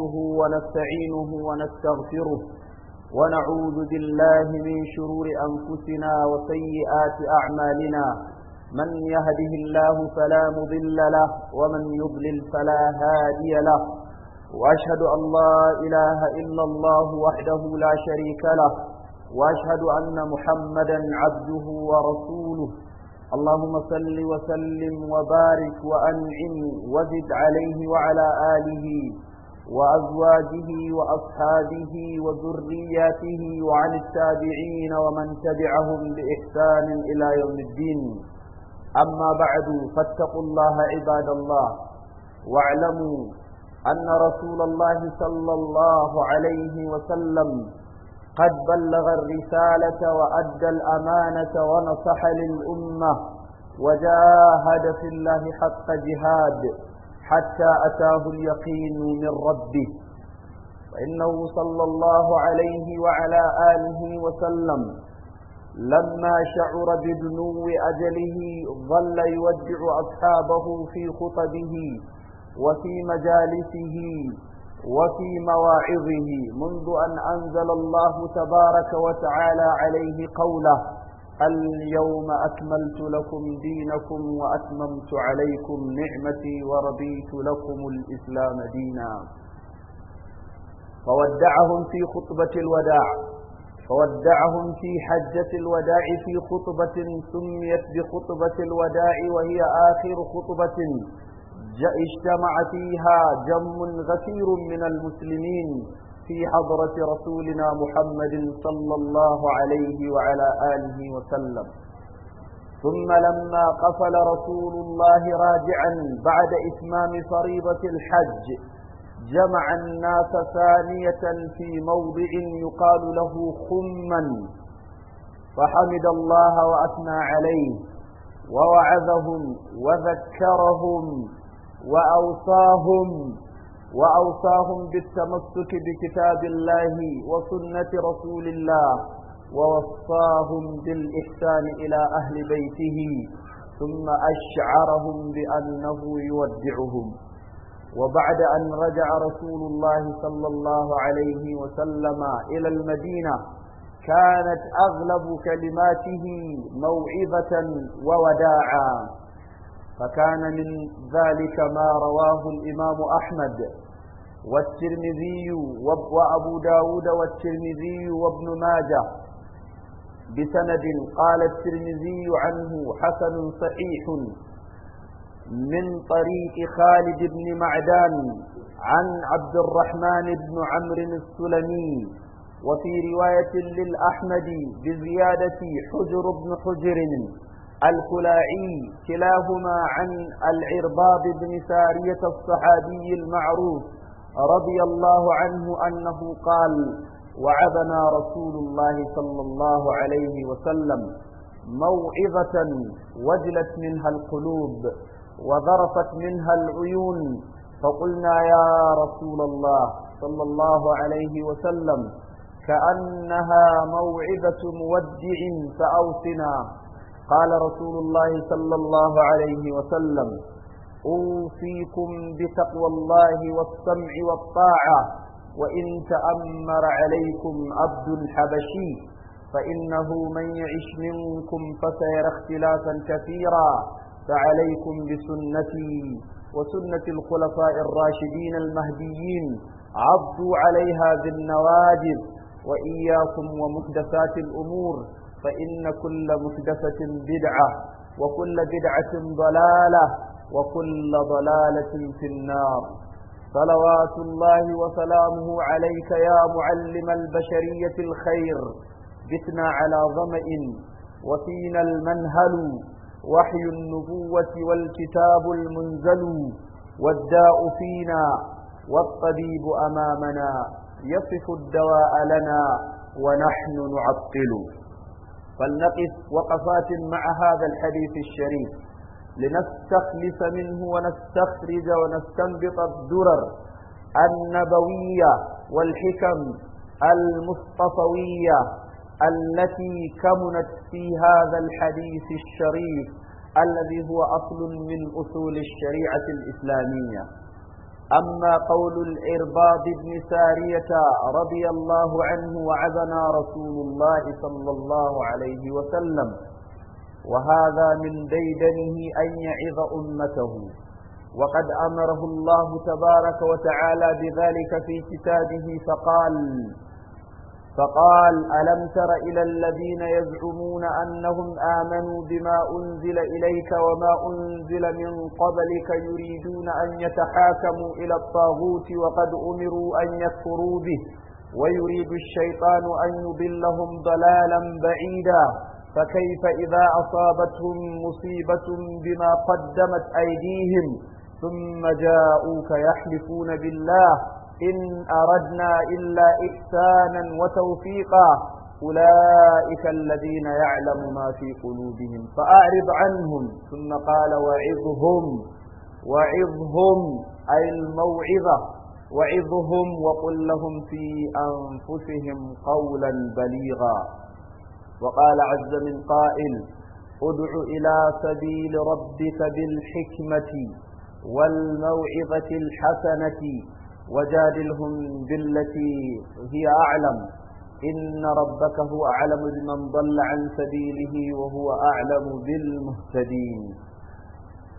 ونستعينه ونستغفره ونعوذ بالله من شرور أنفسنا وسيئات أعمالنا من يهده الله فلا مضل له ومن يضلل فلا هادي له وأشهد أن لا إله إلا الله وحده لا شريك له وأشهد أن محمدا عبده ورسوله اللهم صل وسلم وبارك وأنعم وزد عليه وعلى آله وأزواجه وأصحابه وذرياته وعن التابعين ومن تبعهم بإحسان إلى يوم الدين أما بعد فاتقوا الله عباد الله واعلموا أن رسول الله صلى الله عليه وسلم قد بلغ الرسالة وأدى الأمانة ونصح للأمة وجاهد في الله حق جهاد حتى أتاه اليقين من ربه فإنه صلى الله عليه وعلى آله وسلم لما شعر بدنو أجله ظل يودع أصحابه في خطبه وفي مجالسه وفي مواعظه منذ أن أنزل الله تبارك وتعالى عليه قوله اليوم أكملت لكم دينكم وأتممت عليكم نعمتي ورضيت لكم الإسلام دينا فودعهم في خطبة الوداع فودعهم في حجة الوداع في خطبة سميت بخطبة الوداع وهي آخر خطبة اجتمع فيها جم غفير من المسلمين في حضرة رسولنا محمد صلى الله عليه وعلى آله وسلم ثم لما قفل رسول الله راجعا بعد إتمام فريضة الحج جمع الناس ثانية في موضع يقال له خما فحمد الله وأثنى عليه ووعظهم وذكرهم وأوصاهم وأوصاهم بالتمسك بكتاب الله وسنة رسول الله ووصاهم بالإحسان إلى أهل بيته ثم أشعرهم بأنه يودعهم وبعد أن رجع رسول الله صلى الله عليه وسلم إلى المدينة كانت أغلب كلماته موعظة ووداعا فكان من ذلك ما رواه الإمام أحمد والترمذي وأبو داود والترمذي وابن ماجه بسند قال الترمذي عنه حسن صحيح من طريق خالد بن معدان عن عبد الرحمن بن عمرو السلمي وفي رواية للأحمد بزيادة حجر بن حجر الكلاعي كلاهما عن العرباب بن سارية الصحابي المعروف رضي الله عنه أنه قال وعبنا رسول الله صلى الله عليه وسلم موعظة وجلت منها القلوب وذرفت منها العيون فقلنا يا رسول الله صلى الله عليه وسلم كأنها موعظة مودع فأوصنا قال رسول الله صلى الله عليه وسلم أوصيكم بتقوى الله والسمع والطاعة وإن تأمر عليكم عبد الحبشي فإنه من يعش منكم فسيرى اختلافا كثيرا فعليكم بسنتي وسنة الخلفاء الراشدين المهديين عضوا عليها بالنواجذ وإياكم ومحدثات الأمور فإن كل محدثة بدعة وكل بدعة ضلالة وكل ضلالة في النار صلوات الله وسلامه عليك يا معلم البشرية الخير بتنا على ظمأ وفينا المنهل وحي النبوة والكتاب المنزل والداء فينا والطبيب أمامنا يصف الدواء لنا ونحن نعطل فلنقف وقفات مع هذا الحديث الشريف لنستخلف منه ونستخرج ونستنبط الدرر النبوية والحكم المصطفوية التي كمنت في هذا الحديث الشريف الذي هو أصل من أصول الشريعة الإسلامية أما قول الإرباض بن سارية رضي الله عنه وعزنا رسول الله صلى الله عليه وسلم وهذا من ديدنه أن يعظ أمته وقد أمره الله تبارك وتعالى بذلك في كتابه فقال فقال ألم تر إلى الذين يزعمون أنهم آمنوا بما أنزل إليك وما أنزل من قبلك يريدون أن يتحاكموا إلى الطاغوت وقد أمروا أن يكفروا به ويريد الشيطان أن يضلهم ضلالا بعيدا فكيف إذا أصابتهم مصيبة بما قدمت أيديهم ثم جاءوك يحلفون بالله إن أردنا إلا إحسانا وتوفيقا أولئك الذين يعلم ما في قلوبهم فأعرض عنهم ثم قال وعظهم وعظهم أي الموعظة وعظهم وقل لهم في أنفسهم قولا بليغا وقال عز من قائل ادع إلى سبيل ربك بالحكمة والموعظة الحسنة وجادلهم بالتي هي أعلم إن ربك هو أعلم بمن ضل عن سبيله وهو أعلم بالمهتدين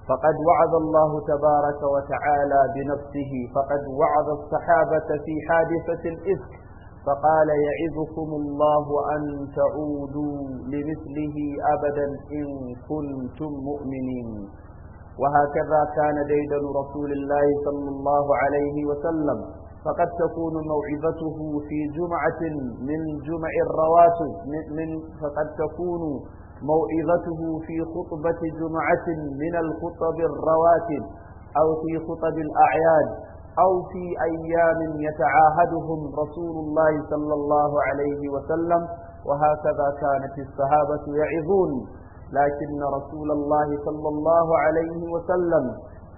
فقد وعد الله تبارك وتعالى بنفسه فقد وعد الصحابة في حادثة الإفك فقال يعظكم الله أن تعودوا لمثله أبدا إن كنتم مؤمنين وهكذا كان ديدن رسول الله صلى الله عليه وسلم فقد تكون موعظته في جمعة من جمع الرواتب من فقد تكون موعظته في خطبة جمعة من الخطب الرواتب أو في خطب الأعياد أو في أيام يتعاهدهم رسول الله صلى الله عليه وسلم وهكذا كانت الصحابة يعظون لكن رسول الله صلى الله عليه وسلم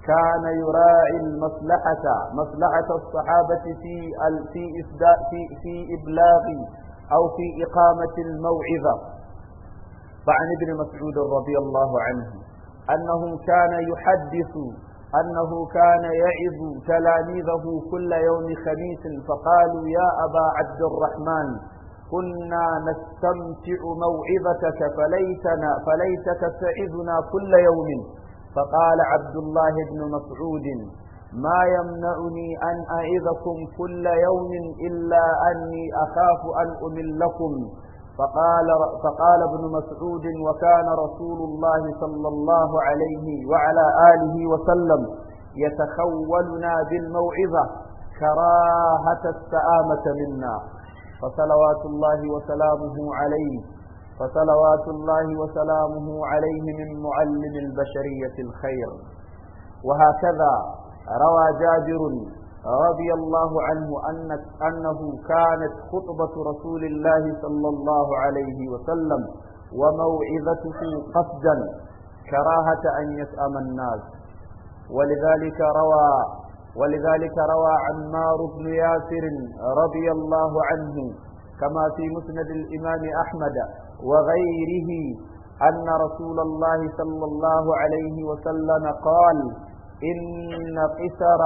كان يراعي المصلحة مصلحة الصحابة في في إفداء في في إبلاغ أو في إقامة الموعظة فعن ابن مسعود رضي الله عنه أنه كان يحدث أنه كان يعظ تلاميذه كل يوم خميس فقالوا يا أبا عبد الرحمن كنا نستمتع موعظتك فليتنا فليتك تعظنا كل يوم فقال عبد الله بن مسعود ما يمنعني أن أعظكم كل يوم إلا أني أخاف أن أملكم فقال, فقال ابن مسعود وكان رسول الله صلى الله عليه وعلى آله وسلم يتخولنا بالموعظة كراهة السآمة منا فصلوات الله وسلامه عليه فصلوات الله وسلامه عليه من معلم البشرية الخير وهكذا روى جابر رضي الله عنه أن أنه كانت خطبة رسول الله صلى الله عليه وسلم وموعظته قصدا كراهة أن يسأم الناس ولذلك روى ولذلك روى عمار بن ياسر رضي الله عنه كما في مسند الإمام أحمد وغيره أن رسول الله صلى الله عليه وسلم قال إن قصر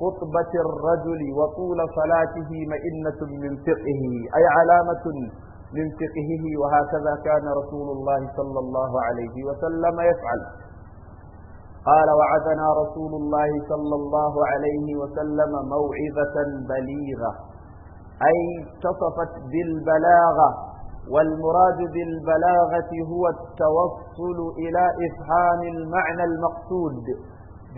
خطبة الرجل وطول صلاته مئنة من فقهه أي علامة من فقهه وهكذا كان رسول الله صلى الله عليه وسلم يفعل قال وعدنا رسول الله صلى الله عليه وسلم موعظة بليغة أي اتصفت بالبلاغة والمراد بالبلاغة هو التوصل إلى إفهام المعنى المقصود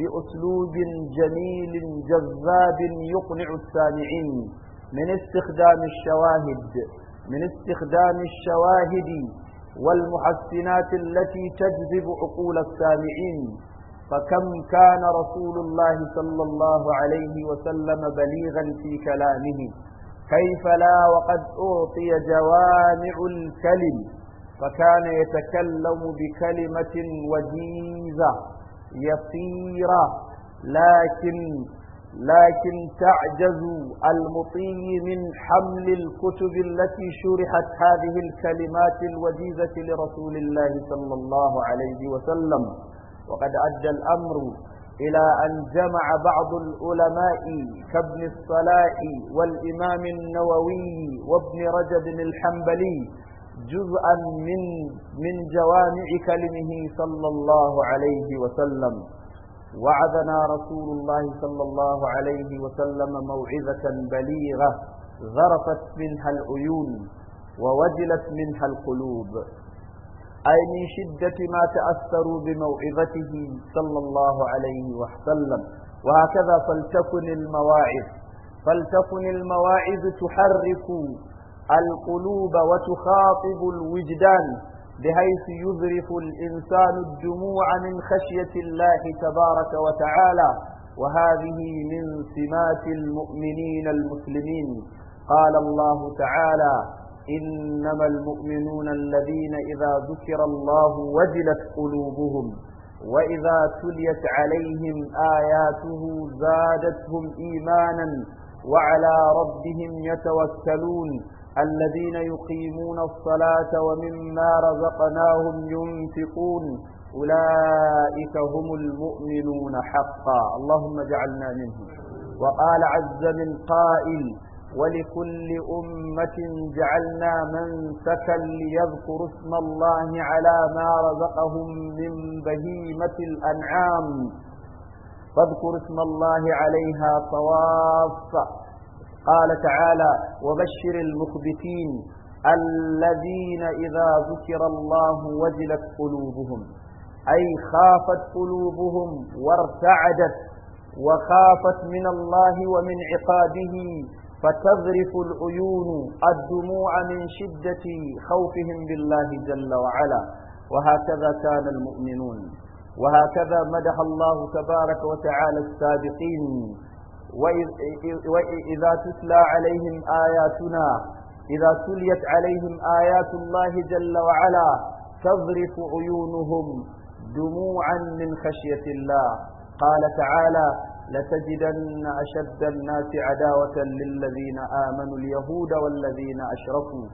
بأسلوب جميل جذاب يقنع السامعين من استخدام الشواهد من استخدام الشواهد والمحسنات التي تجذب عقول السامعين فكم كان رسول الله صلى الله عليه وسلم بليغا في كلامه كيف لا وقد أعطي جوامع الكلم فكان يتكلم بكلمة وجيزة يسيرة لكن لكن تعجز المطي من حمل الكتب التي شرحت هذه الكلمات الوجيزة لرسول الله صلى الله عليه وسلم وقد أدى الأمر إلى أن جمع بعض العلماء كابن الصلاح والإمام النووي وابن رجب الحنبلي جزءا من من جوامع كلمه صلى الله عليه وسلم وعدنا رسول الله صلى الله عليه وسلم موعظة بليغة ذرفت منها العيون ووجلت منها القلوب أي من شدة ما تأثروا بموعظته صلى الله عليه وسلم وهكذا فلتكن المواعظ فلتكن المواعظ تحرك القلوب وتخاطب الوجدان بحيث يذرف الإنسان الدموع من خشية الله تبارك وتعالى وهذه من سمات المؤمنين المسلمين قال الله تعالى إنما المؤمنون الذين إذا ذكر الله وجلت قلوبهم وإذا تليت عليهم آياته زادتهم إيمانا وعلى ربهم يتوكلون الذين يقيمون الصلاة ومما رزقناهم ينفقون أولئك هم المؤمنون حقا اللهم اجعلنا منهم وقال عز من قائل ولكل أمة جعلنا منسكا ليذكروا اسم الله على ما رزقهم من بهيمة الأنعام فاذكروا اسم الله عليها صواف قال تعالى وبشر المخبتين الذين إذا ذكر الله وجلت قلوبهم أي خافت قلوبهم وارتعدت وخافت من الله ومن عقابه فتذرف العيون الدموع من شدة خوفهم بالله جل وعلا وهكذا كان المؤمنون وهكذا مدح الله تبارك وتعالى السابقين وإذا تتلى عليهم آياتنا إذا تليت عليهم آيات الله جل وعلا تظرف عيونهم دموعا من خشية الله قال تعالى لتجدن أشد الناس عداوة للذين آمنوا اليهود والذين أشركوا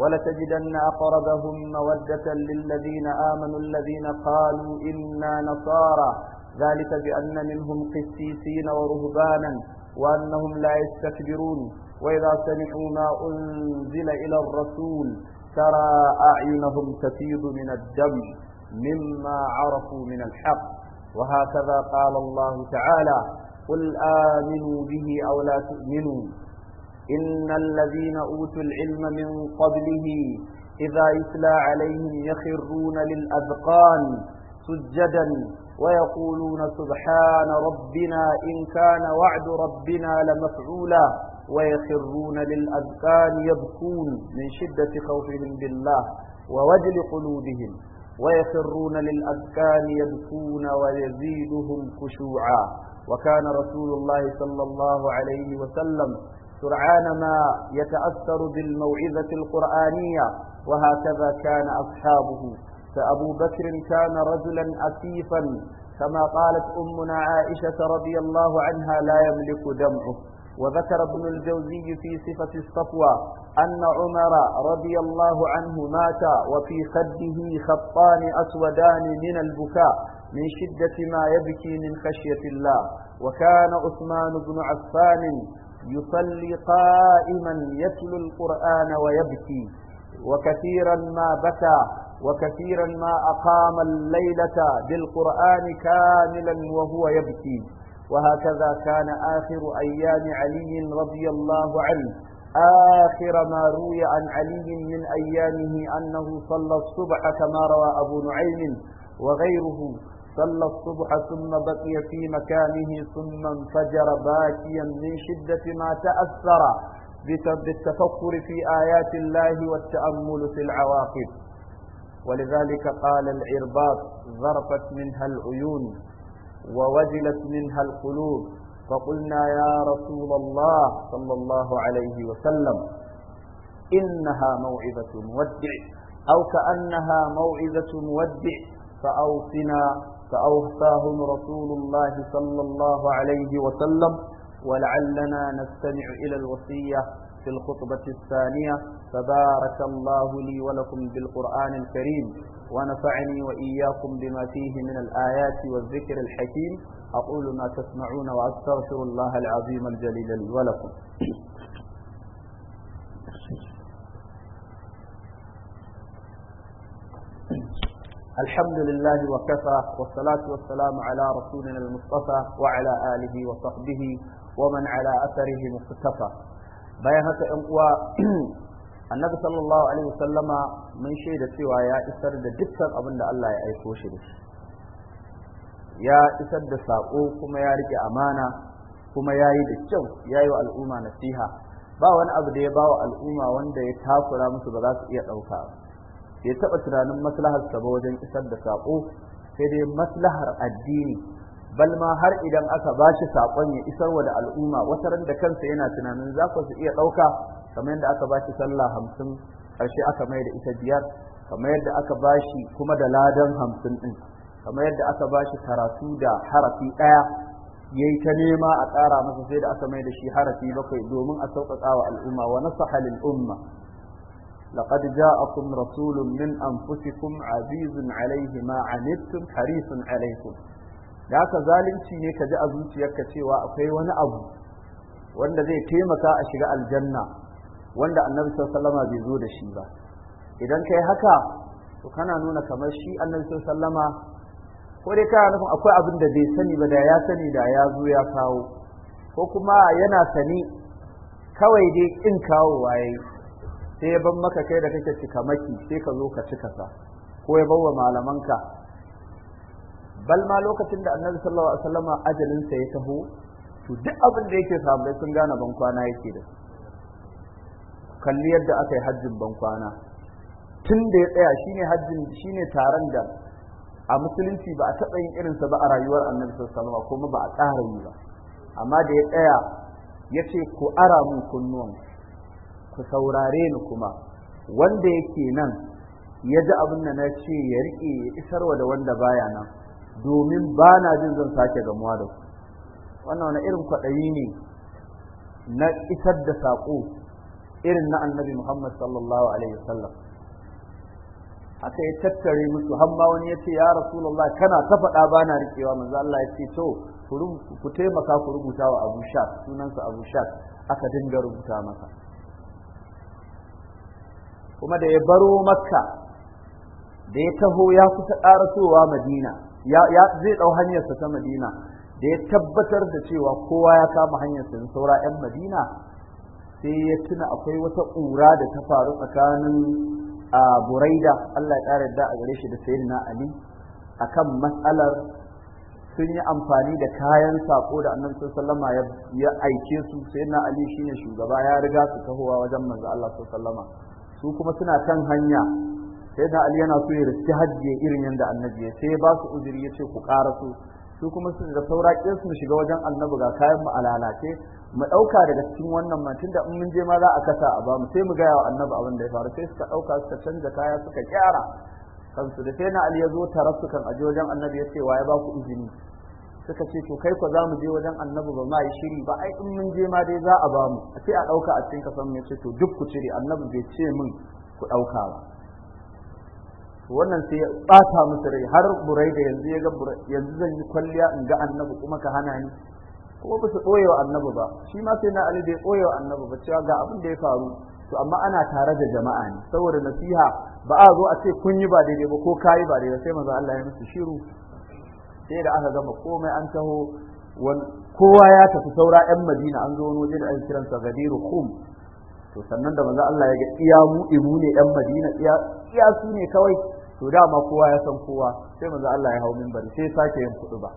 ولتجدن أقربهم مودة للذين آمنوا الذين قالوا إنا نصارى ذلك بأن منهم قسيسين ورهبانا وأنهم لا يستكبرون وإذا سمعوا ما أنزل إلى الرسول ترى أعينهم تفيض من الدم مما عرفوا من الحق وهكذا قال الله تعالى قل آمنوا به أو لا تؤمنوا إن الذين أوتوا العلم من قبله إذا يتلى عليهم يخرون للأذقان سجدا ويقولون سبحان ربنا إن كان وعد ربنا لمفعولا ويخرون للأذكان يبكون من شدة خوفهم بالله ووجل قلوبهم ويخرون للأذكان يبكون ويزيدهم خشوعا وكان رسول الله صلى الله عليه وسلم سرعان ما يتأثر بالموعظة القرآنية وهكذا كان أصحابه فأبو بكر كان رجلا أسيفا كما قالت أمنا عائشة رضي الله عنها لا يملك دمعه وذكر ابن الجوزي في صفة الصفوة أن عمر رضي الله عنه مات وفي خده خطان أسودان من البكاء من شدة ما يبكي من خشية الله وكان عثمان بن عفان يصلي قائما يتلو القرآن ويبكي وكثيرا ما بكى وكثيرا ما أقام الليلة بالقرآن كاملا وهو يبكي وهكذا كان آخر أيام علي رضي الله عنه آخر ما روي عن علي من أيامه أنه صلى الصبح كما روى أبو نعيم وغيره صلى الصبح ثم بقي في مكانه ثم انفجر باكيا من شدة ما تأثر بالتفكر في آيات الله والتأمل في العواقب ولذلك قال العرباط ظرفت منها العيون ووجلت منها القلوب فقلنا يا رسول الله صلى الله عليه وسلم إنها موعظة مودع أو كأنها موعظة مودع فأوصنا فأوصاهم رسول الله صلى الله عليه وسلم ولعلنا نستمع إلى الوصية في الخطبة الثانية فبارك الله لي ولكم بالقرآن الكريم ونفعني وإياكم بما فيه من الآيات والذكر الحكيم أقول ما تسمعون وأستغفر الله العظيم الجليل لي ولكم الحمد لله وكفى والصلاة والسلام على رسولنا المصطفى وعلى آله وصحبه ومن على أثره مصطفى بيهة أمقوى annabi sallallahu alaihi wasallama mun shaida cewa ya isar da dukkan abin da Allah ya aiko shi da shi ya isar da sako kuma ya rike amana kuma ya yi da kyau ya yi wa al'umma nasiha ba wani abu da ya ba wa al'umma wanda ya takura musu ba za su iya ɗauka ya taɓa tunanin maslahar sabo ba wajen isar da sako sai dai maslahar addini balma har idan aka ba shi saƙon ya isar wa da al'umma wata da kansa yana tunanin za ku su iya ɗauka kamar yadda aka shi sallah hamsin ƙarshe aka mai da ita biyar kamar yadda aka bashi kuma da ladan hamsin ɗin kamar yadda aka bashi karatu da harafi ɗaya ya yi ta nema a ƙara masa sai da aka mai da shi harafi bakwai domin a sauƙaƙa wa al'umma wa nasaha lil umma لقد جاءكم rasulun min anfusikum azizun عليه ما عنتم حريص عليكم da haka zalunci ne ka ji a zuciyarka cewa akwai wani abu wanda zai taimaka a shiga aljanna wanda annabi sallama bai zo da shi ba idan kai haka to kana nuna kamar shi annabi sallama ko dai kana nufin akwai abin da bai sani ba da ya sani da ya zo ya kawo ko kuma yana sani kawai dai in kawo waye sai ya ban maka kai da kake maki sai ka zo ka cika sa ko ya bawa malamanka bal ma lokacin da annabi sallallahu alaihi wasallama ajalinsa ya taho to duk abin da yake samu sun gane ban kwana yake da su kalli yadda aka yi hajjin bankwana tun da ya tsaya shine hajjin shine taron da a musulunci ba a taɓa yin irinsa ba a rayuwar annabi sallallahu alaihi kuma ba a ƙara yi ba amma da ya tsaya ya ce ku ara mun kunnuwan ku saurare ni kuma wanda yake nan ya ji abin da na ce ya riƙe ya isarwa da wanda baya nan domin ba na jin zan sake gamuwa da ku wannan wani irin kwaɗayi ne na isar da saƙo irin na annabi Muhammad sallallahu alaihi wasallam haka ya tattare musu hamma wani ya ce ya rasulullah kana ta faɗa bana na riƙewa manzo Allah ya ce to ku taimaka ku rubuta wa Abu Shak sunansa Abu Shak aka dinga rubuta masa kuma da ya baro makka da ya taho ya kusa ƙarasowa madina ya zai ɗau hanyarsa ta madina da ya tabbatar da cewa kowa ya kama hanyarsa in saura 'yan madina sai ya tuna akwai wata ƙura da ta faru tsakanin a buraida Allah ya ƙara da a gare shi da sayyidina Ali A kan matsalar sun yi amfani da kayan saƙo da annabi sallama ya aike su sayyidina Ali shi ne shugaba ya riga su tahowa wajen manzo Allah sallama su kuma suna kan hanya sayyidina Ali yana so ya riski hajji irin yadda annabi ya sai ya ba su uzuri ya ce ku ƙara su su kuma su da saura su shiga wajen annabi ga kayan mu alalace mu ɗauka daga cikin wannan ma da in mun je ma za a kasa a bamu sai mu gaya wa annabi abin da ya faru sai suka dauka suka canza kaya suka kyara kansu da sai na ali ya zo tare su kan wajen annabi ya ce wa ya ba ku izini suka ce to kai ko za mu je wajen annabi ba ma yi shiri ba ai in mun je ma dai za a bamu sai a dauka a cikin kasan mu ya ce to duk ku cire annabi bai ce min ku ɗauka ba wannan sai ya bata musu rai har burai da yanzu ya ga yanzu zan yi kwalliya in ga annabi kuma ka hana ni kuma ba su ɓoye wa annabi ba shi ma sai na ali ya ɓoye wa annabi ba cewa ga abin da ya faru to amma ana tare da jama'a ne saboda nasiha ba a zo a ce kun yi ba daidai ba ko ka yi ba daidai sai maza Allah ya musu shiru sai da aka gama komai an taho kowa ya tafi saura yan Madina an zo wani waje da ake kiransa Gadiru kum to sannan da maza Allah ya ga iya mu imu ne yan Madina iya iya su ne kawai to dama kowa ya san kowa sai manzo Allah ya hau minbari sai sake yin kudu ba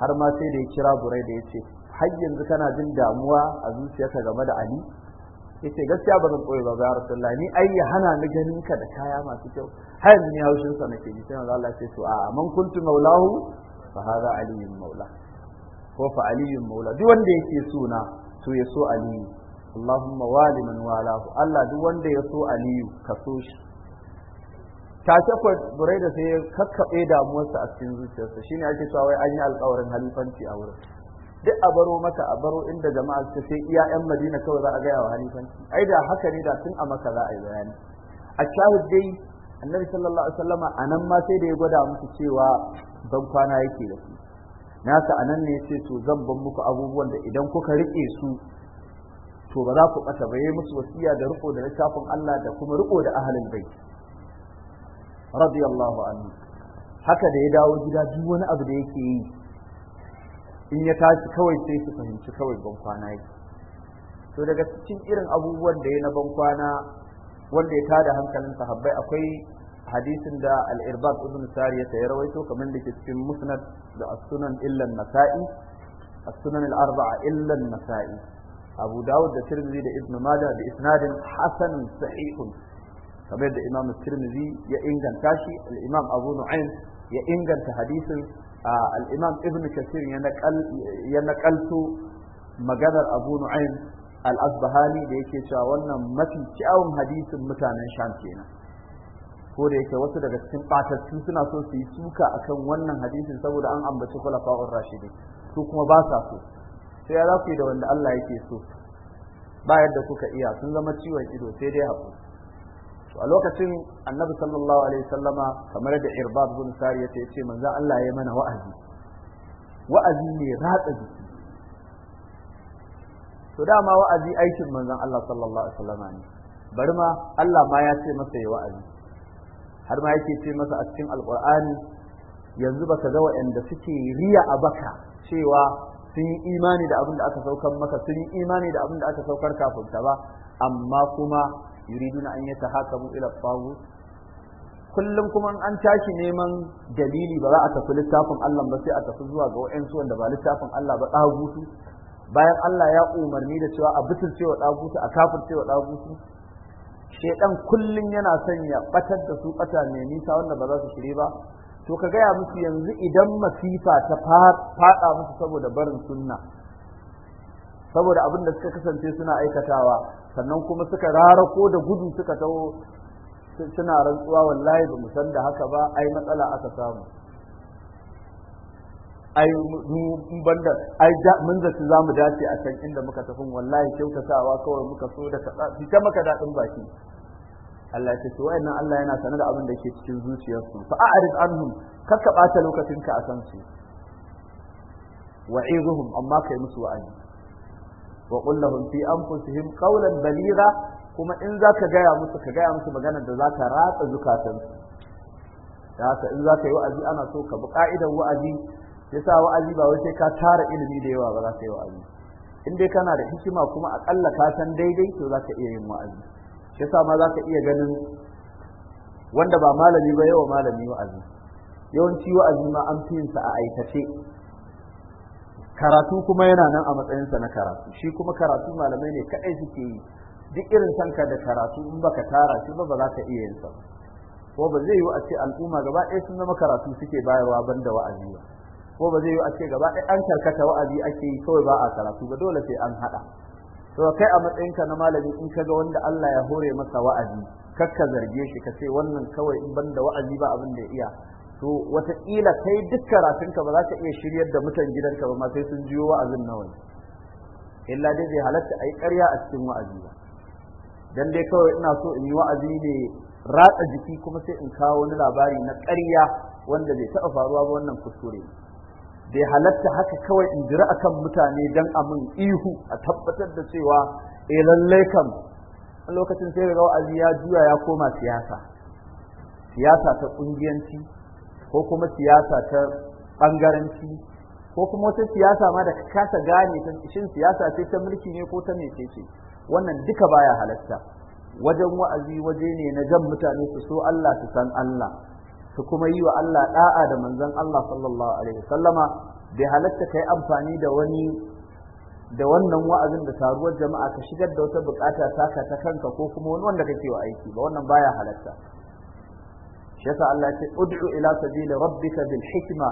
har ma sai da ya kira burai da yace har yanzu kana jin damuwa a zuciyarka game da Ali yace gaskiya ba zan koyi ba ya rasulullahi ni ai ya hana ni ganin ka da kaya masu kyau har ni haushin sa nake ji sai manzo Allah ya ce to a man kuntu maulahu fa hada aliyyun maula ko fa aliyyun maula duk wanda yake suna to ya so aliyu Allahumma wali man walahu Allah duk wanda ya so aliyu ka so shi tashe kwa burai da sai ya kakkaɓe damuwarsa a cikin zuciyarsa shine ake cewa wai an yi alkawarin halifanci a wurin duk a baro maka a baro inda jama'a ta sai iya yan madina kawai za a gaya wa halifanci ai da haka ne da tun a maka za a yi bayani a shahid dai annabi sallallahu alaihi wasallama a nan ma sai da ya gwada musu cewa ban kwana yake da su nasa a nan ne yace to zan ban muku abubuwan da idan kuka rike su to ba za ku bata ba yi musu wasiya da riko da littafin Allah da kuma riko da ahalin bait radiyallahu anhu haka da ya dawo gida duk wani abu da yake yi in ya tashi kawai sai su fahimci kawai ban kwana yake to daga cikin irin abubuwan da ya na ban kwana wanda ya tada hankalin sahabbai akwai hadisin da al-irbad ibn sariya ya rawaito kamar da ke cikin musnad da as-sunan illa an-nasa'i as-sunan al-arba'a illa an-nasa'i abu dawud da tirmidhi da ibn majah da isnadin hasan sahihun kamar da imam tirmidhi ya inganta shi al-imam abu ya inganta hadisin al-imam ibn kathir ya nakalto maganar abu nu'aym al-asbahani da yake cewa wannan mafi kyawun hadisin mutanen sham kenan ko da yake wasu daga cikin batattu suna so su yi suka akan wannan hadisin saboda an ambaci khulafa'ur rashidi su kuma ba sa so sai ya za da wanda Allah yake so ba da kuka iya sun zama ciwon ido sai dai haƙuri to a lokacin annabi sallallahu alaihi sallama kamar da irbab bin sari ya ce manzo Allah ya mana wa'azi wa'azi ne ratsa jiki to dama wa'azi aikin manzon Allah sallallahu alaihi sallama ne bari ma Allah ma ya ce masa ya wa'azi har ma yake ce masa a cikin alqur'ani yanzu baka ga waɗanda suke riya a baka cewa sun yi imani da abin da aka saukar maka sun yi imani da abin da aka saukar kafin ta ba amma kuma yuriduna an yatahakamu ila tawu kullum kuma an tashi neman dalili ba za a tafi littafin Allah ba sai a tafi zuwa ga wa'ansu wanda ba littafin Allah ba dagutu bayan Allah ya umarni da cewa a butulce wa dagutu a kafirce wa dagutu shedan kullum yana son ya batar da su bata mai nisa wanda ba za su shirye ba to ka gaya musu yanzu idan masifa ta faɗa musu saboda barin sunna saboda abin da suka kasance suna aikatawa sannan kuma suka rara, ko da gudu suka taho suna rantsuwa wallahi ba mu san da haka ba ai matsala aka samu ai mun banda ai mun zaci za mu dace a can inda muka tafi wallahi kyautatawa kawai muka so da kaɗa ta maka daɗin baki Allah ya ce wayannan Allah yana sanar da abin da yake cikin zuciyarsu fa a'rid anhum kakka lokacin lokacinka a san su wa'izhum amma kai musu wa'azi wa qul lahum fi anfusihim qawlan baligha kuma in zaka gaya musu ka gaya musu magana da zaka ratsa zukatansu da haka in zaka yi wa'azi ana so ka bi ka'idar wa'azi yasa wa'azi ba wai sai ka tara ilimi da yawa ba za ka yi wa'azi in dai kana da hikima kuma a ka san daidai to za ka iya yin wa'azi yasa ma za ka iya ganin wanda ba malami ba yawa malami wa'azi yawanci wa'azi ma an fi a aikace karatu kuma yana nan a matsayinsa na karatu shi kuma karatu malamai ne kaɗai suke yi duk irin sanka da karatu in baka tara shi ba ba za ka iya yin sa ko ba zai yi a ce al'umma gaba ɗaya sun zama karatu suke bayarwa banda wa'azi ba ko ba zai yi a ce gaba ɗaya an karkata wa'azi ake yi kawai ba a karatu ba dole sai an haɗa to kai a matsayinka na malami in ka ga wanda Allah ya hore masa wa'azi kakka zarge shi ka ce wannan kawai in banda wa'azi ba abin da ya iya to wataƙila kai duk karatunka ba za ka iya shiryar da mutan gidanka ba ma sai sun jiyo wa'azin na wani illa dai zai halatta a yi ƙarya a cikin wa'azi ba dan dai kawai ina so in yi wa'azi ne ratsa jiki kuma sai in kawo wani labari na ƙarya wanda bai taɓa faruwa ba wannan kuskure bai halatta haka kawai in jira akan mutane dan a mun ihu a tabbatar da cewa eh lallai kam lokacin sai ga wa'azi ya juya ya koma siyasa siyasa ta ƙungiyanci ko kuma siyasa ta bangaranci ko kuma wata siyasa ma da kasa gane ta shin siyasa ce ta mulki ne ko ta mece ce wannan duka baya halatta wajen wa'azi waje ne na jan mutane su so Allah su san Allah su kuma yi wa Allah da'a da manzon Allah sallallahu alaihi wasallama bai halatta kai amfani da wani da wannan wa'azin da taruwar jama'a ka shigar da wata bukata taka ta kanka ko kuma wani wanda kake wa aiki ba wannan baya halatta yasa Allah ya ce ud'u ila sabili rabbika bil hikma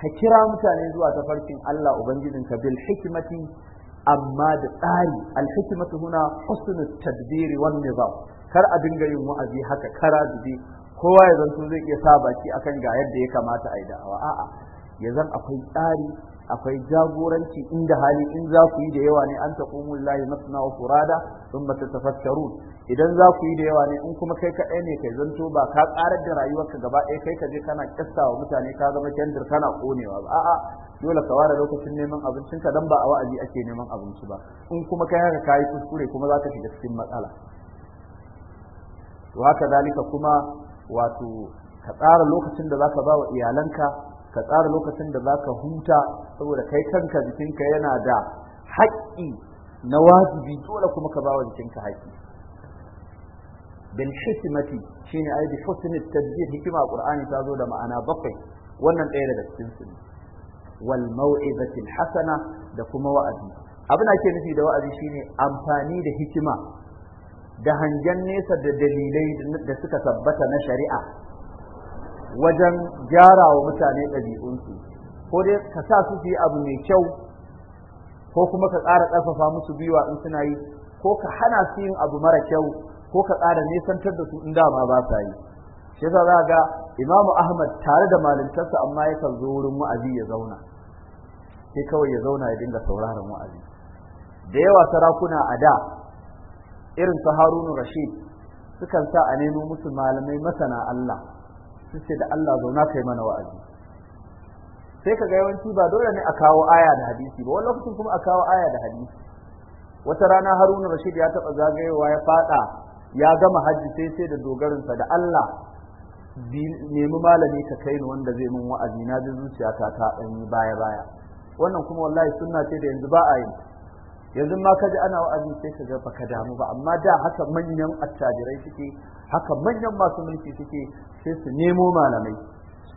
ka kira mutane zuwa tafarkin Allah ubangijinka bil hikmati amma da tsari al hikmatu huna husnu tadbir wan nizam kar a dinga yin wa'azi haka kara dubi kowa ya zanto zai iya sa baki akan ga yadda ya kamata a yi da'awa a'a ya zan akwai tsari akwai jagoranci inda hali in za ku yi da yawa ne an taqumu lillahi masna wa furada thumma tatafakkarun idan za ku yi da yawa ne in kuma kai kaɗai ne kai zanto ba ka ƙarar da rayuwarka gaba ɗaya kai ka je kana kyasta wa mutane ka zama kendir kana ƙonewa ba a'a dole ka ware lokacin neman abincin ka dan ba a wa'azi ake neman abinci ba in kuma kai haka kayi kuskure kuma za ka shiga cikin matsala to haka dalika kuma wato ka tsara lokacin da zaka ba wa iyalanka ka tsara lokacin da za ka huta saboda kai kanka jikinka yana da haƙƙi na wajibi dole kuma ka ba wa jikinka haƙƙi bil hikmati shine ai bi husnul tadbir hikima qur'ani ta zo da ma'ana bakwai wannan ɗaya daga cikin su wal mau'izati hasana da kuma wa'azi abin ake nufi da wa'azi shine amfani da hikima da hangen nesa da dalilai da suka tabbata na shari'a wajen gyara wa mutane ɗabi'unsu ko dai ka sa su yi abu mai kyau ko kuma ka ƙara ƙarfafa musu gwiwa in suna yi ko ka hana su yin abu mara kyau ko ka ƙara nisantar da su in dama ba sa yi shi yasa za ga imamu ahmad tare da malintarsa amma yakan zo wurin wa'azi ya zauna sai kawai ya zauna ya dinga sauraron wa'azi da yawa sarakuna a da irin su harunu rashid sukan sa a nemo musu malamai masana allah su ce da allah zauna kai mana wa'azi sai ka ga yawanci ba dole ne a kawo aya da hadisi ba wani lokacin kuma a kawo aya da hadisi wata rana haruna rashid ya taɓa zagayewa ya faɗa ya gama hajji sai sai da dogarinsa da Allah nemi malami ka kai ni wanda zai mun wa'azi na ji zuciyata ta dan yi baya baya wannan kuma wallahi sunna ce da yanzu ba a yi yanzu ma kaji ana wa'azi sai ka ga baka damu ba amma da haka manyan attajirai suke haka manyan masu mulki suke sai su nemo malamai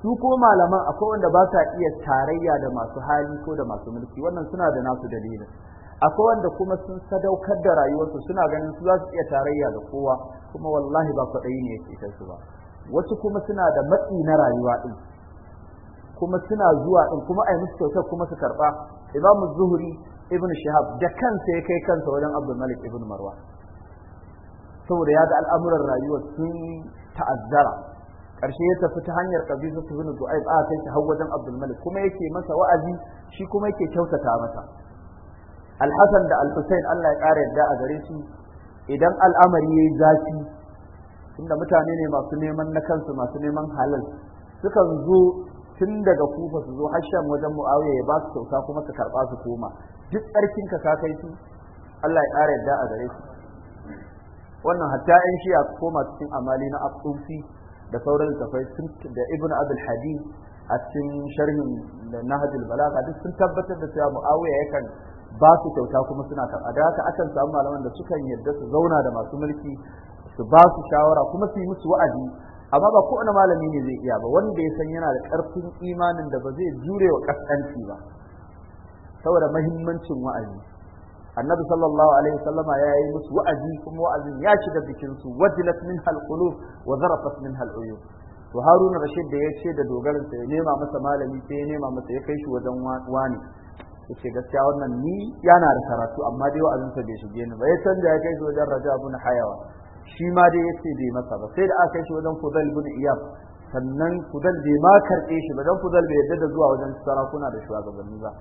su ko malaman akwai wanda ba sa iya tarayya da masu hali ko da masu mulki wannan suna da nasu dalilin akwai wanda kuma sun sadaukar da rayuwarsu suna ganin su za su iya tarayya da kowa kuma wallahi ba kwaɗayi ne yake su ba wasu kuma suna da matsi na rayuwa ɗin kuma suna zuwa ɗin kuma a yi musu kyautar kuma su karɓa imamu zuhuri ibn shihab da kansa ya kai kansa wajen abdul malik ibn marwa saboda ya da al'amuran rayuwar sun ta'azzara ƙarshe ya tafi ta hanyar ƙabisu ibn du'aib a kai shi har wajen abdul malik kuma yake masa wa'azi shi kuma yake kyautata masa alhassan da alhussein allah ya ƙara yadda a gare su idan al'amari ya yi zafi inda mutane ne masu neman na kansu masu neman halal sukan zo tun daga kufa su zo hasham wajen mu'awiya ya ba su kyauta kuma su karba su koma duk sarkin ka ka kai su allah ya ƙara yadda a gare su wannan hatta shi ya koma cikin amali na asufi da sauran sun da ibn abdul hadi a cikin sharhin da nahjul balaga duk sun tabbatar da cewa mu'awiya yakan ba su kyauta kuma suna karɓa da haka akan samu malaman da sukan yarda su zauna da masu mulki su ba su shawara kuma su yi musu wa'azi amma ba kowane malami ne zai iya ba wanda ya san yana da ƙarfin imanin da ba zai jure wa ƙasƙanci ba saboda mahimmancin wa'azi annabi sallallahu alaihi wasallama ya yi musu wa'azi kuma wa'azin ya shiga bikin su wajilat min halqulub wa zarafat min haluyub to haruna rashid da ya ce da sa ya nema masa malami sai ya nema masa ya kai shi wajen wani yace gaskiya wannan ni yana da karatu amma dai wa'azin sa bai shige ni ba ya canja ya kai shi wajen Raja ibn Hayawa shi ma dai ce bai masa ba sai da aka kai shi wajen Fudal ibn Iyab sannan Fudal bai ma karɓe shi ba dan Fudal bai yarda da zuwa wajen sarakuna da shugabanni ba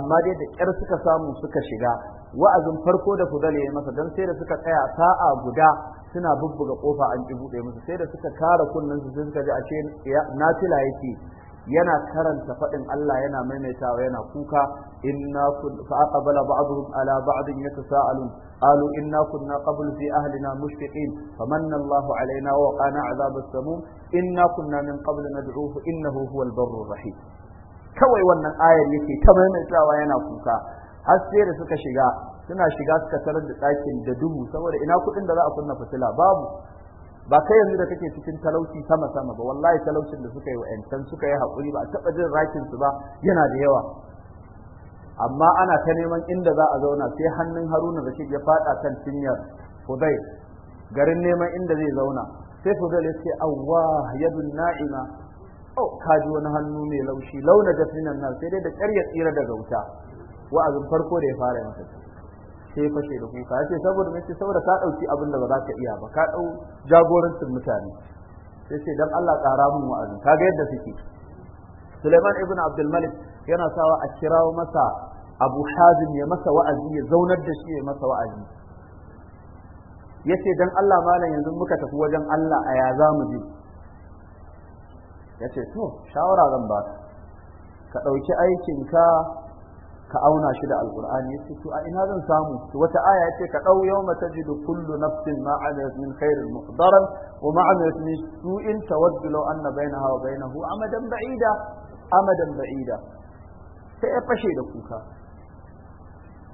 amma dai da kyar suka samu suka shiga wa'azin farko da Fudal ya yi masa dan sai da suka tsaya sa'a guda suna bubbuga kofa an ki buɗe musu sai da suka kara kunnen su suka ji a ce na tila yana karanta faɗin Allah yana maimaitawa yana kuka inna fa aqbala ba'dhum ala ba'din yatasaalun qalu inna kunna qablu fi ahlina mushfiqin famanna Allahu alaina wa qana azab as-samum inna kunna min qabl nad'uhu innahu huwal barrur rahim kawai wannan ayar yake ta maimaitawa yana kuka har sai da suka shiga suna shiga suka tarar da ɗakin da duhu saboda ina kuɗin da za a kunna fitila babu ba kai yanzu da kake cikin talauci sama sama ba wallahi talaucin da suka yi wa'ancan suka yi haƙuri ba a taɓa jin rakin su ba yana da yawa amma ana ta neman inda za a zauna sai hannun haruna rashid ya faɗa kan cinyar fudai garin neman inda zai zauna sai fudai ya ce awwa yadun na'ima oh kaji wani hannu mai laushi launa jafinan nan sai dai da ƙarya tsira daga wuta wa'azin farko da ya fara masa sai ya fashe da kuka ya ce saboda mai ce saboda ka ɗauki abin da ba za ka iya ba ka ɗau jagorancin mutane sai ce dan Allah ƙara mun wa'azi kaga yadda suke Suleiman ibn Abdul Malik yana sawa a kirawo masa Abu Hazim ya masa wa'azi ya zaunar da shi ya masa wa'azi yace dan Allah malam yanzu muka tafi wajen Allah a ya za mu je yace to shawara zan ba ka ɗauki aikinka ka auna shi da alqur'ani yace to a ina zan samu to wata aya yace ka dau yawma tajidu kullu nafsin ma 'amilat min khairin muhdaran wa ma 'amilat min su'in tawaddu law anna bainaha wa bainahu amadan ba'ida amadan ba'ida sai ya fashe da kuka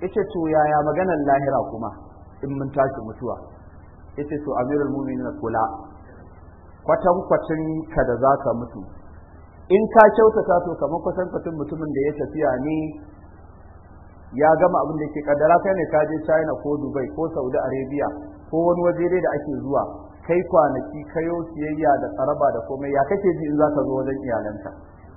yace to yaya maganar lahira kuma in mun tashi mutuwa yace to amirul mu'minin kula kwatan kwatin ka da zaka mutu in ka kyautata to kamar kwatan kwatin mutumin da ya tafiya ne ya gama abin da yake kaddara kai ne kaje China ko Dubai ko Saudi Arabia ko wani waje dai da ake zuwa kai kwanaki kayo siyayya da tsaraba da komai ya kake ji in zaka zo wajen iyalanka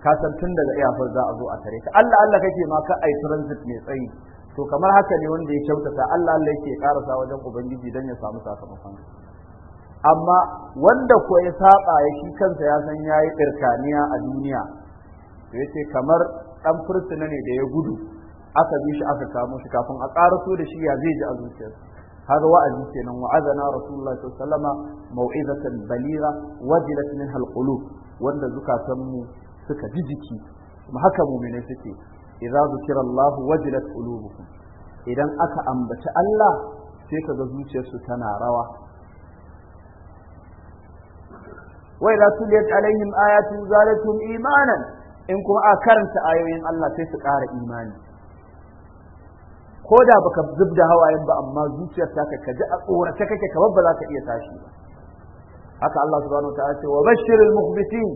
ka san tun daga iyafar za a zo a tare ka Allah Allah kake ma ka ai transit mai tsayi to kamar haka ne wanda ya kyautata Allah Allah yake karasa wajen ubangiji dan ya samu sakamakon amma wanda ko ya saba ya shi kansa ya san yayi irkaniya a duniya to yace kamar dan fursuna ne da ya gudu aka bi shi aka kamo shi kafin a karaso da shi ya zai ji a zuciyarsa هذا وعد كنا وعدنا رسول الله صلى الله عليه وسلم موعظة بليغة وجلت منها القلوب وأن زكا سمو سكا جيجيكي ما حكموا من سكي إذا ذكر الله وجلت قلوبكم إذا أكا أنبت الله سيكا زوجي ستنا روى وإذا تليت عليهم آيات زالتهم إيمانا إنكم أكرمت آيوين الله سيكا إيماني ko da baka zub da hawayen ba amma zuciyar ta ka ji a tsorace kake kamar ba za ka iya tashi ba haka Allah subhanahu wataala ce wa bashiril mukhbitin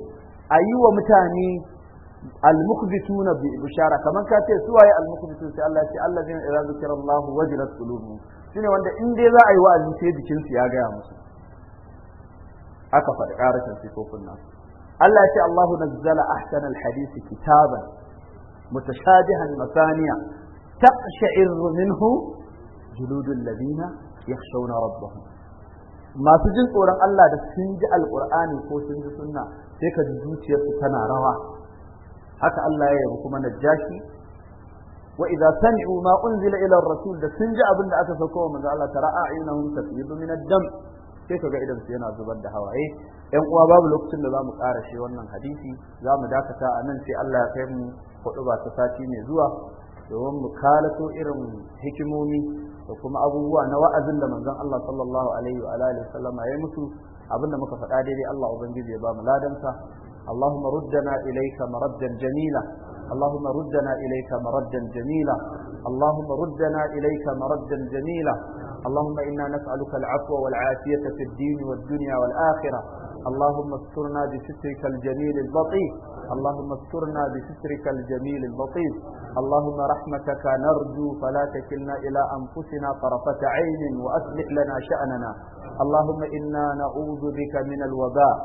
ayi wa mutane المخبتون بشارة كما كانت سوى المخبتون سأل الله الذين إذا ذكر الله وجلت قلوبهم shine wanda in dai za a yi wa'azi sai jikin su ya gaya musu aka faɗi ƙarashin sifofin nan Allah ya ce Allahu nazzala ahsana alhadisi kitaban mutashabihan masaniya taqsha'irru minhu juludul ladina yakhshawna rabbahum masu jin tsoron Allah da sun ji alqur'ani ko sun ji sunna sai ka ji zuciyarsu tana rawa haka Allah ya yabi kuma najashi wa idza sami'u ma unzila ila ar-rasul da sun ji abin da aka sauko manzo Allah tara a'yunahum tafidu min ad-dam sai kaga idan su yana zubar da hawaye yan uwa babu lokacin da zamu ƙara shi wannan hadisi zamu dakata a nan sai Allah ya kai mu hudu ba ta sati mai zuwa domin mu kalato irin hikimomi da kuma abubuwa na wa'azin da manzon Allah sallallahu alaihi wa alihi sallama ya musu abinda muka faɗa daidai Allah ubangiji ya ba mu ladansa اللهم ردنا إليك مردا جميلا اللهم ردنا إليك مردا جميلا اللهم ردنا إليك مردا جميلا اللهم إنا نسألك العفو والعافية في الدين والدنيا والآخرة اللهم استرنا بسترك الجميل البطيء اللهم استرنا بسترك الجميل البطيء اللهم رحمتك نرجو فلا تكلنا إلى أنفسنا طرفة عين وأصلح لنا شأننا اللهم إنا نعوذ بك من الوباء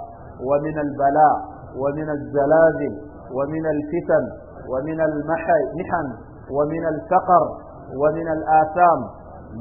ومن البلاء ومن الزلازل ومن الفتن ومن المحن ومن الفقر ومن الآثام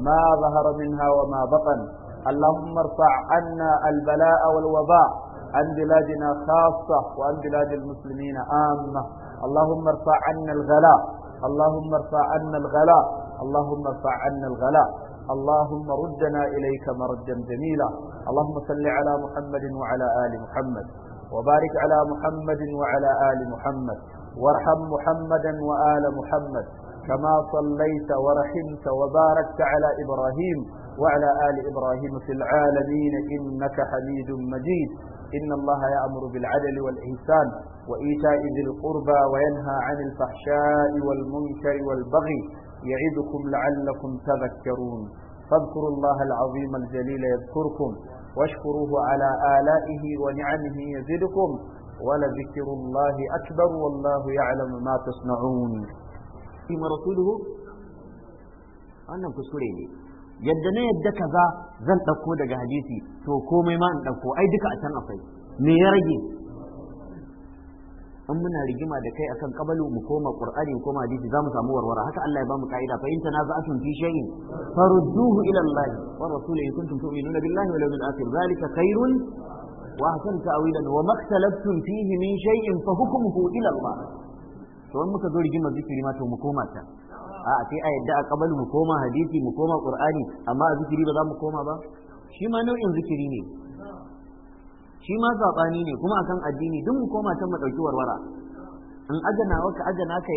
ما ظهر منها وما بطن اللهم ارفع عنا البلاء والوباء عن بلادنا خاصة وعن بلاد المسلمين عامة اللهم ارفع عنا الغلاء اللهم ارفع عنا الغلاء اللهم ارفع عنا الغلاء اللهم ردنا إليك مردا جميلا اللهم صل على محمد وعلى آل محمد وبارك على محمد وعلى آل محمد وارحم محمدا وآل محمد كما صليت ورحمت وباركت على إبراهيم وعلى آل إبراهيم في العالمين إنك حميد مجيد إن الله يأمر بالعدل والإحسان وإيتاء ذي القربى وينهى عن الفحشاء والمنكر والبغي يعظكم لعلكم تذكرون فاذكروا الله العظيم الجليل يذكركم واشكروه على آلائه ونعمه يزدكم ولذكر الله أكبر والله يعلم ما تصنعون فيما رسوله أنا كسريني yadda na yadda kaza zan ɗauko daga hadisi to komai ma in ɗauko ai duka a can akwai me ya rage in muna rigima da kai akan kabalu mu koma qur'ani mu koma hadisi mu samu warwara haka Allah ya bamu kaida fa in tanaza'tum fi shay'in farudduhu ila Allah wa rasulihi kuntum tu'minuna billahi wal yawmil akhir zalika khairun wa ahsanu ta'wilan wa maktalaftum fihi min shay'in fa hukmuhu ila Allah to in muka zo rigima zikiri ma to mu koma ta a sai a yadda a kabal mu koma hadisi mu koma qur'ani amma a zikiri ba za mu koma ba shi ma nau'in zikiri ne shi ma sabani ne kuma akan addini duk mu koma can mu dauki warwara in ajana ka ajana ka